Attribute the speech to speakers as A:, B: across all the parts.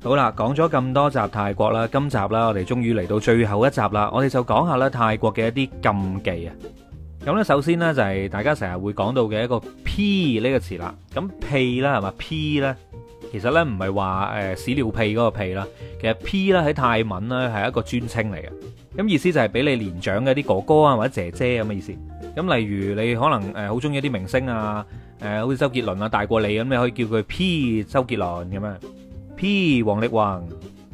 A: 好啦，講咗咁多集泰國啦，今集啦，我哋終於嚟到最後一集啦。我哋就講下咧泰國嘅一啲禁忌啊。咁呢首先呢，就係大家成日會講到嘅一個 P 呢個詞啦。咁 P 啦係嘛 P 呢其實呢唔係話誒屎尿屁嗰個屁啦。呃、P P, 其實 P 呢喺泰文呢係一個尊稱嚟嘅。咁意思就係俾你年長嘅啲哥哥啊或者姐姐咁嘅意思。咁例如你可能誒好中意啲明星啊，誒好似周杰倫啊大過你咁，你可以叫佢 P 周杰倫咁樣。P 王力宏，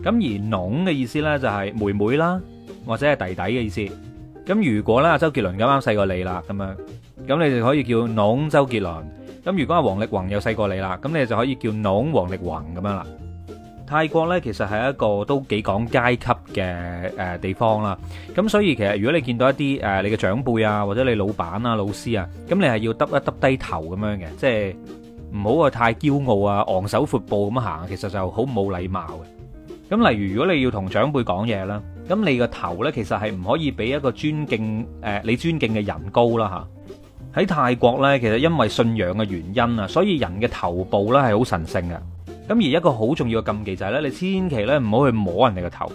A: 咁而儂嘅意思呢就係妹妹啦，或者係弟弟嘅意思。咁如果呢周杰倫咁啱細過你啦，咁樣，咁你就可以叫儂周杰倫。咁如果阿王力宏又細過你啦，咁你就可以叫儂王力宏咁樣啦。泰國呢其實係一個都幾講階級嘅誒地方啦。咁所以其實如果你見到一啲誒你嘅長輩啊，或者你老闆啊、老師啊，咁你係要耷一耷低頭咁樣嘅，即係。唔好話太驕傲啊，昂首闊步咁行，其實就好冇禮貌嘅。咁例如如果你要同長輩講嘢啦，咁你個頭咧其實係唔可以比一個尊敬誒你尊敬嘅人高啦嚇。喺泰國咧，其實因為信仰嘅原因啊，所以人嘅頭部咧係好神聖嘅。咁而一個好重要嘅禁忌就係咧，你千祈咧唔好去摸人哋個頭，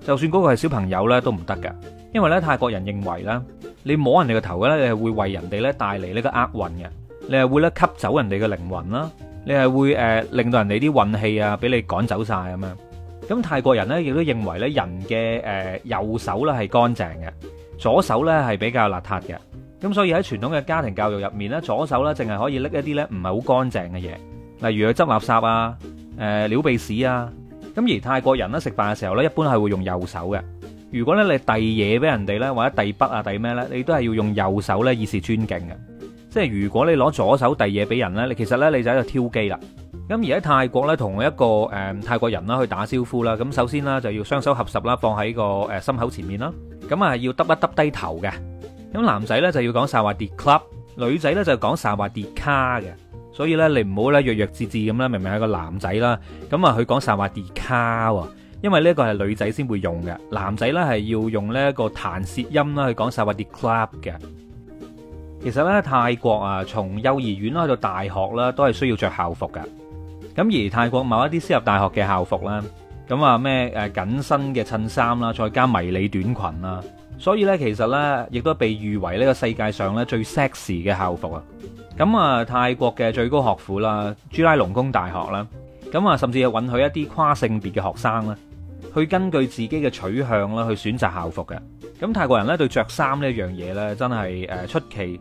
A: 就算嗰個係小朋友咧都唔得嘅，因為咧泰國人認為咧，你摸人哋個頭咧，你係會為人哋咧帶嚟呢個厄運嘅。你係會咧吸走人哋嘅靈魂啦，你係會誒、呃、令到人哋啲運氣啊俾你趕走晒咁樣。咁泰國人呢，亦都認為咧人嘅誒、呃、右手咧係乾淨嘅，左手呢係比較邋遢嘅。咁所以喺傳統嘅家庭教育入面呢，左手呢淨係可以拎一啲咧唔係好乾淨嘅嘢，例如去執垃圾啊、誒撩鼻屎啊。咁而泰國人呢，食飯嘅時候呢，一般係會用右手嘅。如果咧你遞嘢俾人哋呢，或者遞筆啊、遞咩呢，你都係要用右手呢，以示尊敬嘅。即係如果你攞左手遞嘢俾人呢，你其實呢，你就喺度挑機啦。咁而喺泰國呢，同一個誒、呃、泰國人啦去打招呼啦，咁首先啦就要雙手合十啦，放喺、個誒、呃、心口前面啦。咁啊要耷一耷低頭嘅。咁男仔呢，就要講曬話跌 club，女仔呢，就講曬話跌卡嘅。所以呢，你唔好呢，弱弱次次咁咧，明明係個男仔啦，咁啊去講曬話跌卡喎，因為呢個係女仔先會用嘅。男仔呢，係要用呢一個彈舌音啦去講曬話跌 club 嘅。其實咧，泰國啊，從幼兒園啦，到大學啦，都係需要着校服噶。咁而泰國某一啲私立大學嘅校服呢，咁啊咩誒緊身嘅襯衫啦，再加迷你短裙啦，所以咧其實咧，亦都被譽為呢個世界上咧最 sexy 嘅校服啊。咁啊，泰國嘅最高學府啦，朱拉隆功大學啦，咁啊，甚至係允許一啲跨性別嘅學生啦，去根據自己嘅取向啦，去選擇校服嘅。咁泰國人咧對着衫呢一樣嘢呢，真係、呃、出奇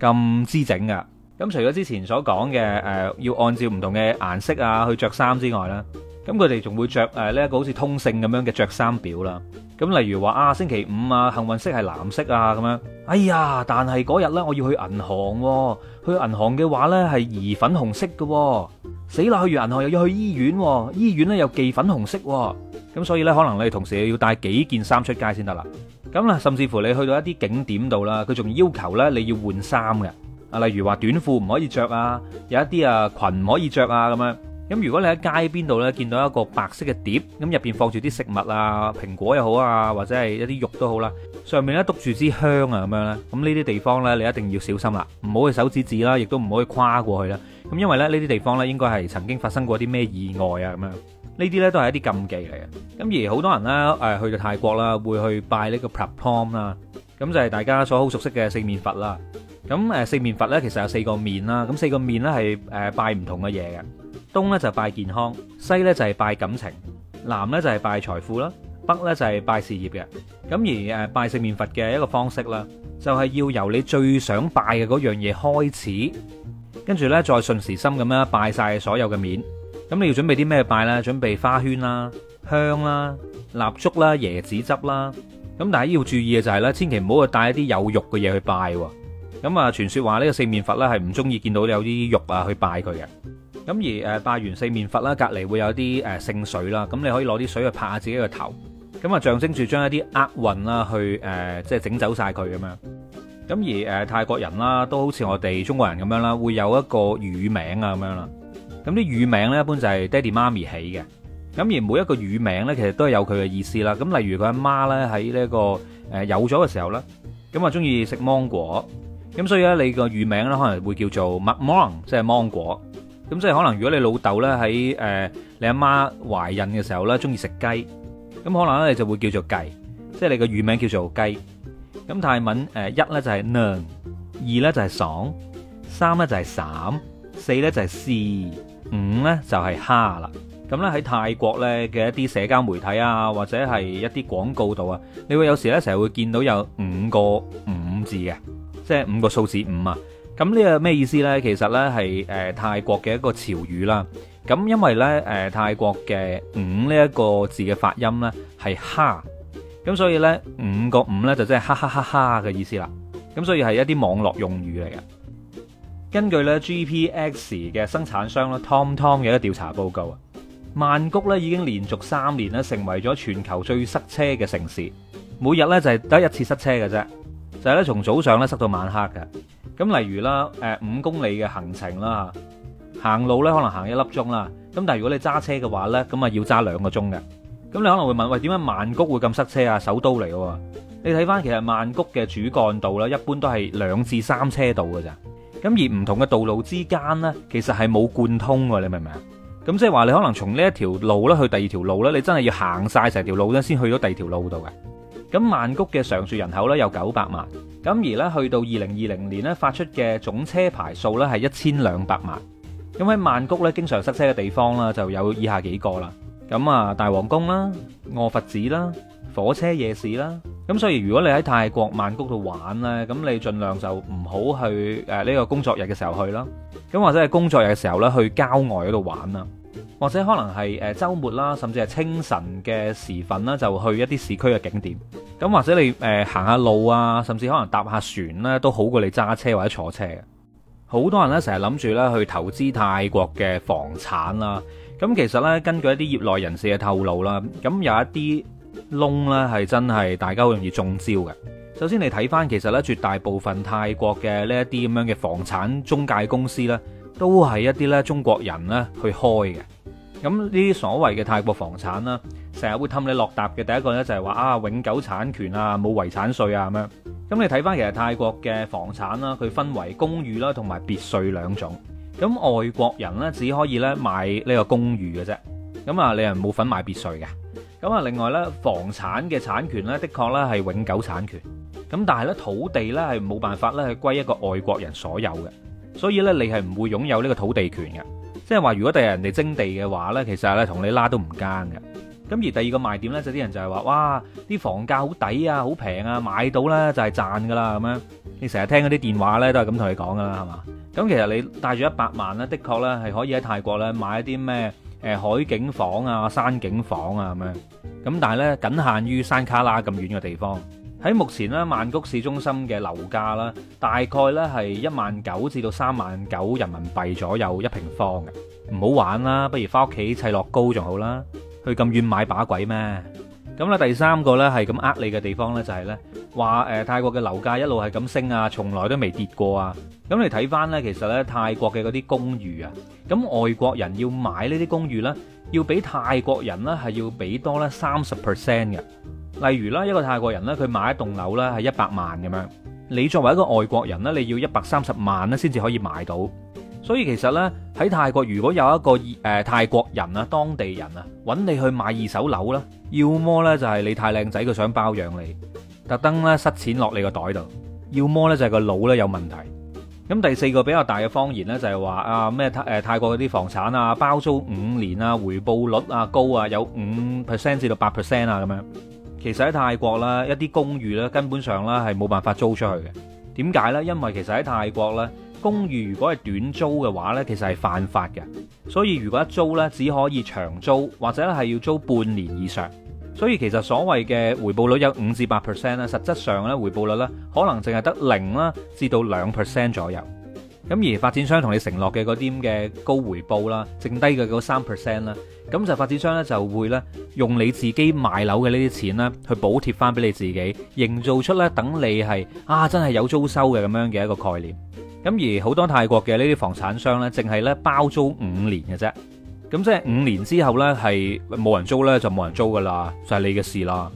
A: 咁之整㗎。咁除咗之前所講嘅、呃、要按照唔同嘅顏色啊去着衫之外啦，咁佢哋仲會着呢一、呃這個好似通勝咁樣嘅着衫表啦。咁例如話啊，星期五啊，幸運色係藍色啊，咁樣。哎呀，但係嗰日呢，我要去銀行、啊，去銀行嘅話呢係宜粉紅色嘅、啊，死啦！去完銀行又要去醫院、啊，醫院呢又忌粉紅色、啊，咁所以呢，可能你哋同時要帶幾件衫出街先得啦。咁啦，甚至乎你去到一啲景點度啦，佢仲要求咧你要換衫嘅。啊，例如話短褲唔可以着啊，有一啲啊裙唔可以着啊咁樣。咁如果你喺街邊度咧見到一個白色嘅碟，咁入邊放住啲食物啊，蘋果又好啊，或者係一啲肉都好啦，上面咧篤住支香啊咁樣咧，咁呢啲地方咧你一定要小心啦，唔好去手指指啦，亦都唔好去跨過去啦。咁因為咧呢啲地方咧應該係曾經發生過啲咩意外啊咁樣。呢啲呢都係一啲禁忌嚟嘅，咁而好多人呢，去到泰國啦，會去拜呢個 Prapom 啦，咁就係大家所好熟悉嘅四面佛啦。咁四面佛呢，其實有四個面啦，咁四個面呢，係拜唔同嘅嘢嘅。東呢，就拜健康，西呢，就係拜感情，南呢，就係拜財富啦，北呢，就係拜事業嘅。咁而拜四面佛嘅一個方式啦，就係要由你最想拜嘅嗰樣嘢開始，跟住呢，再順時針咁樣拜晒所有嘅面。咁你要準備啲咩拜呢？準備花圈啦、香啦、蠟燭啦、椰子汁啦。咁但係要注意嘅就係咧，千祈唔好去帶一啲有肉嘅嘢去拜喎。咁啊，傳說話呢個四面佛咧係唔中意見到有啲肉啊去拜佢嘅。咁、啊、而、啊、拜完四面佛啦，隔離會有啲誒、啊、聖水啦。咁你可以攞啲水去拍下自己個頭，咁啊，啊象徵住將一啲厄運啦去即係整、啊就是、走曬佢咁樣。咁、啊啊、而、啊、泰國人啦、啊，都好似我哋中國人咁樣啦、啊，會有一個乳名啊咁樣啦。啊咁啲乳名咧，一般就係爹哋媽咪起嘅。咁而每一個乳名咧，其實都係有佢嘅意思啦。咁例如佢阿媽咧，喺呢一個誒有咗嘅時候啦，咁啊中意食芒果，咁所以咧你個乳名咧可能會叫做麥芒，即係芒果。咁所以可能如果你老豆咧喺誒你阿媽懷孕嘅時候咧，中意食雞，咁可能咧你就會叫做雞，即係你個乳名叫做雞。咁泰文誒一咧就係娘，二咧就係爽，三咧就係散，四咧就係四。五、嗯、呢就係、是、哈啦，咁呢喺泰國呢嘅一啲社交媒體啊，或者係一啲廣告度啊，你會有時呢成日會見到有五個五字嘅，即係五個數字五啊。咁呢個咩意思呢？其實呢係、呃、泰國嘅一個潮語啦。咁因為呢、呃、泰國嘅五呢一個字嘅發音呢係哈，咁所以呢五個五呢就真係哈哈哈哈嘅意思啦。咁所以係一啲網絡用語嚟嘅。根據咧 GPX 嘅生產商啦，TomTom 嘅一個調查報告啊，曼谷咧已經連續三年咧成為咗全球最塞車嘅城市。每日咧就係得一次塞車嘅啫，就係咧從早上咧塞到晚黑嘅。咁例如啦，誒五公里嘅行程啦，行路咧可能行一粒鐘啦。咁但係如果你揸車嘅話咧，咁啊要揸兩個鐘嘅。咁你可能會問，喂點解曼谷會咁塞車啊？首都嚟嘅喎。你睇翻其實曼谷嘅主幹道咧，一般都係兩至三車道嘅咋。咁而唔同嘅道路之間呢其實係冇貫通㗎。你明唔明啊？咁即係話你可能從呢一條路咧去第二條路咧，你真係要行曬成條路咧，先去到第二條路度嘅。咁曼谷嘅常住人口呢有九百萬，咁而呢去到二零二零年呢發出嘅總車牌數呢係一千兩百萬。咁喺曼谷呢經常塞車嘅地方啦，就有以下幾個啦。咁啊，大皇宮啦，卧佛寺啦，火車夜市啦。咁所以如果你喺泰國曼谷度玩呢，咁你盡量就唔好去呃、呢個工作日嘅時候去啦。咁或者係工作日嘅時候呢，去郊外嗰度玩啊，或者可能係週末啦，甚至係清晨嘅時分啦，就去一啲市區嘅景點。咁或者你呃、行下路啊，甚至可能搭下船呢，都好過你揸車或者坐車。好多人呢，成日諗住呢去投資泰國嘅房產啦。咁其實呢，根據一啲業內人士嘅透露啦，咁有一啲窿咧係真係大家好容易中招嘅。首先你睇翻，其實咧絕大部分泰國嘅呢一啲咁樣嘅房產中介公司呢，都係一啲咧中國人呢去開嘅。咁呢啲所謂嘅泰國房產啦，成日會氹你落搭嘅。第一個呢就係話啊永久產權啊，冇遺產稅啊咁樣。咁你睇翻其實泰國嘅房產啦，佢分為公寓啦同埋別墅兩種。咁外國人呢，只可以呢買呢個公寓嘅啫。咁啊，你又冇份買別墅嘅。咁啊，另外呢，房產嘅產權呢，的確呢係永久產權。咁但係呢，土地呢係冇辦法呢去歸一個外國人所有嘅，所以呢，你係唔會擁有呢個土地權嘅。即係話，如果第日人哋徵地嘅話呢，其實呢同你拉都唔奸嘅。咁而第二個賣點呢，就啲人就係話：「哇，啲房價好抵啊，好平啊，買到呢就係賺㗎喇咁樣。你成日聽嗰啲電話呢都係咁同你講㗎喇，係嘛？咁其實你帶住一百萬呢，的確呢係可以喺泰國呢買一啲咩？誒海景房啊、山景房啊咁樣，咁但係咧僅限於山卡拉咁遠嘅地方。喺目前咧，曼谷市中心嘅樓價啦，大概咧係一萬九至到三萬九人民幣左右一平方嘅，唔好玩啦，不如返屋企砌樂高仲好啦，去咁遠買把鬼咩？咁咧第三個咧係咁呃你嘅地方咧就係咧。話誒、呃，泰國嘅樓價一路係咁升啊，從來都未跌過啊！咁你睇翻呢，其實呢泰國嘅嗰啲公寓啊，咁外國人要買呢啲公寓呢，要比泰國人呢係要俾多呢三十 percent 嘅。例如啦，一個泰國人呢，佢買一棟樓呢係一百萬咁樣，你作為一個外國人呢，你要一百三十萬呢先至可以買到。所以其實呢，喺泰國，如果有一個誒、呃、泰國人啊，當地人啊揾你去買二手樓啦，要麼呢就係你太靚仔，佢想包養你。特登咧塞錢落你個袋度，要麼咧就係個腦咧有問題。咁第四個比較大嘅謊言咧就係話啊，咩泰誒泰國嗰啲房產啊，包租五年啊，回報率啊，高啊，有五 percent 至到八 percent 啊咁樣。其實喺泰國啦，一啲公寓咧，根本上咧係冇辦法租出去嘅。點解呢？因為其實喺泰國咧，公寓如果係短租嘅話咧，其實係犯法嘅。所以如果一租咧，只可以長租或者係要租半年以上。所以其實所謂嘅回報率有五至八 percent 咧，實質上咧回報率咧可能淨係得零啦至到兩 percent 左右。咁而發展商同你承諾嘅嗰啲咁嘅高回報啦，剩低嘅嗰三 percent 啦，咁就發展商咧就會咧用你自己買樓嘅呢啲錢咧去補貼翻俾你自己，營造出咧等你係啊真係有租收嘅咁樣嘅一個概念。咁而好多泰國嘅呢啲房產商咧，淨係咧包租五年嘅啫。咁即係五年之後呢，係冇人租呢，就冇人租噶啦，就係你嘅事啦。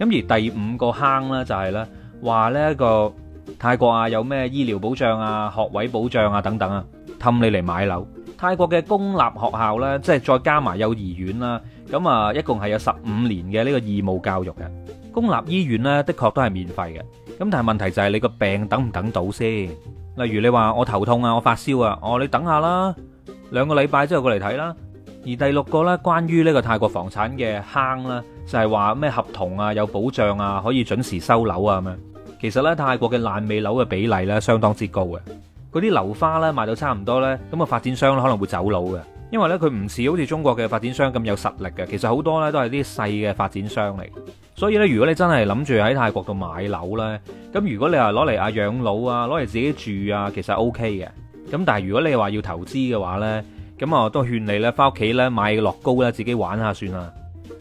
A: 咁而第五個坑呢，就係呢話呢個泰國啊，有咩醫療保障啊、學位保障啊等等啊，氹你嚟買樓。泰國嘅公立學校呢，即係再加埋幼兒園啦，咁啊，一共係有十五年嘅呢個義務教育嘅公立醫院呢，的確都係免費嘅。咁但係問題就係你個病等唔等到先？例如你話我頭痛啊，我發燒啊，哦，你等下啦，兩個禮拜之後過嚟睇啦。而第六個咧，關於呢個泰國房產嘅坑咧，就係話咩合同啊，有保障啊，可以準時收樓啊咁樣。其實咧，泰國嘅爛尾樓嘅比例咧，相當之高嘅。嗰啲樓花咧，賣到差唔多咧，咁啊發展商可能會走佬嘅，因為咧，佢唔似好似中國嘅發展商咁有實力嘅。其實好多咧都係啲細嘅發展商嚟。所以咧，如果你真係諗住喺泰國度買樓咧，咁如果你話攞嚟啊養老啊，攞嚟自己住啊，其實 OK 嘅。咁但係如果你話要投資嘅話咧，咁我都勸你咧，翻屋企咧買個樂高咧，自己玩下算啦。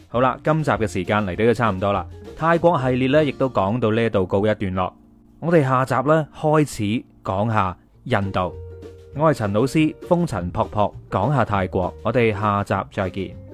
A: 好啦，今集嘅時間嚟到都差唔多啦。泰國系列咧，亦都講到呢度告一段落。我哋下集咧，開始講下印度。我係陳老師，風塵僕僕，講下泰國。我哋下集再見。